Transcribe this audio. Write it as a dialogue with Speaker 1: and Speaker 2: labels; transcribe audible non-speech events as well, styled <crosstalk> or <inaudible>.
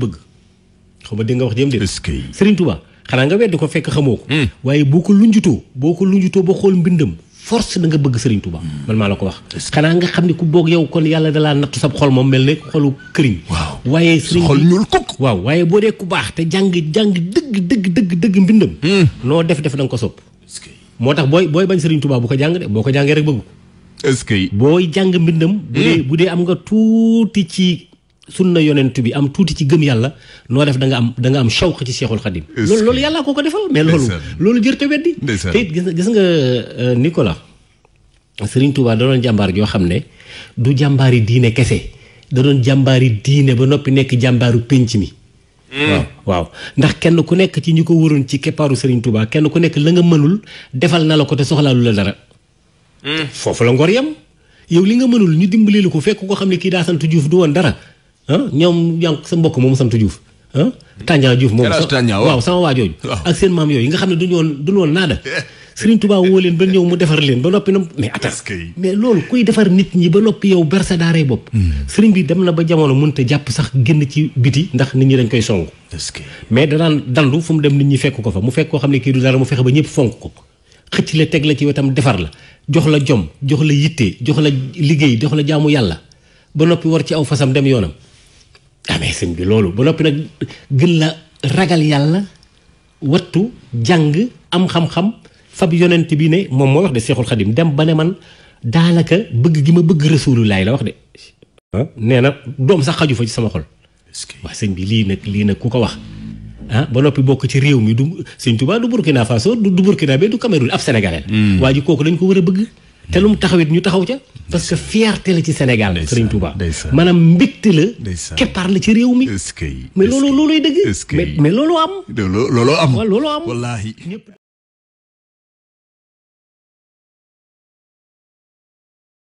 Speaker 1: bëgg xaw ma dégg nga wax jëm déet. est-ce que Serigne Touba xanaa nga weddi ko fekk xamoo ko. Hmm. waaye boo ko lunjutoo boo ko lunjutoo ba xool mbindam force da bëgg Serigne hmm. la ko wax. xanaa nga xam ne ku boog yow kon yàlla dalaa nattu boo dee ku baax te jàng jàng dëgg dëgg dëgg dëgg mbindam. noo hmm. def def da nga ko sopp. moo tax booy booy bañ Serigne Touba bu ko jàng de boo ko jàngee rek bëgg ko. est-ce que. booy jàng mbindam. bu dee bu dee am nga tuuti ci sunna yonent bi am tuuti ci gëm yàlla noo def da nga am danga am shawq ci Cheikhul loolu loolu yàllaa koo ko defal mais loolu loolu jër te weddi te it gis gis nga euh, Nicolas Serigne Touba da doon jàmbaar joo xam ne du jàmbaari diine kese da doon jàmbaari diine ba noppi nekk jàmbaaru pénc mi hmm. waaw ndax kenn ku nekk ci ñu ko waroon ci keppaaru sëriñ Touba kenn ku nekk la nga mënul defal na la ko te soxlaalu la dara hmm. foofu la ngor yam yow li nga mënul ñu dimbali lu ko fekk ko xam ne kii daa sant Juuf du woon dara ah ñoom jànq sa mbokk moom sant Diouf ah. Tandian Diouf moom waaw sama waa jooju. ak seen maam yooyu nga xam ne duñu woon duñu woon naada. Sëriñ <laughs> Tuubaa woo leen ba ñëw mu defar leen ba noppi na mais atta mais loolu kuy defar nit ñi ba noppi yow berse daaree bopp hmm. sëriñ bi dem na ba jamono mën te jàpp sax génn ci biti ndax nit ñi dañ koy song mais danaan dandu fu mu dem nit ñi fekk ko fa mu fekk koo xam ne kii du dara mu fexe ba ñëpp fonk ko xëcc la teg la ci wetam defar la jox la jom jox la yitte jox la liggéey jox la jaamu yàlla ba noppi war ci aw fasam dem yoonam amee sëñ bi loolu ba noppi nag gën la ragal yàlla wattu jàng am xam-xam fab yonent bi ne moom mooy wax de seexul xadim dem ba ne man daanaka bëgg gi ma bëgg laay la wax de ah, nee na doom sax xaju fa ci sama xol waa sëñ bi lii nag lii nag ku ko wax ah ba noppi bokk ci réew mi du sëñ Tuubaa du Burkina Faso du Burkina be du Cameroun ab Sénégalais hmm. waa ji kooku ko war a bëgg te lu mu taxaw it ñu taxaw ca parce que fierté la ci sénégal sëriñ touba manam mbikté la képar la ci réew mi mais loolu loolu dëgg mais loolu am loolu am wallahi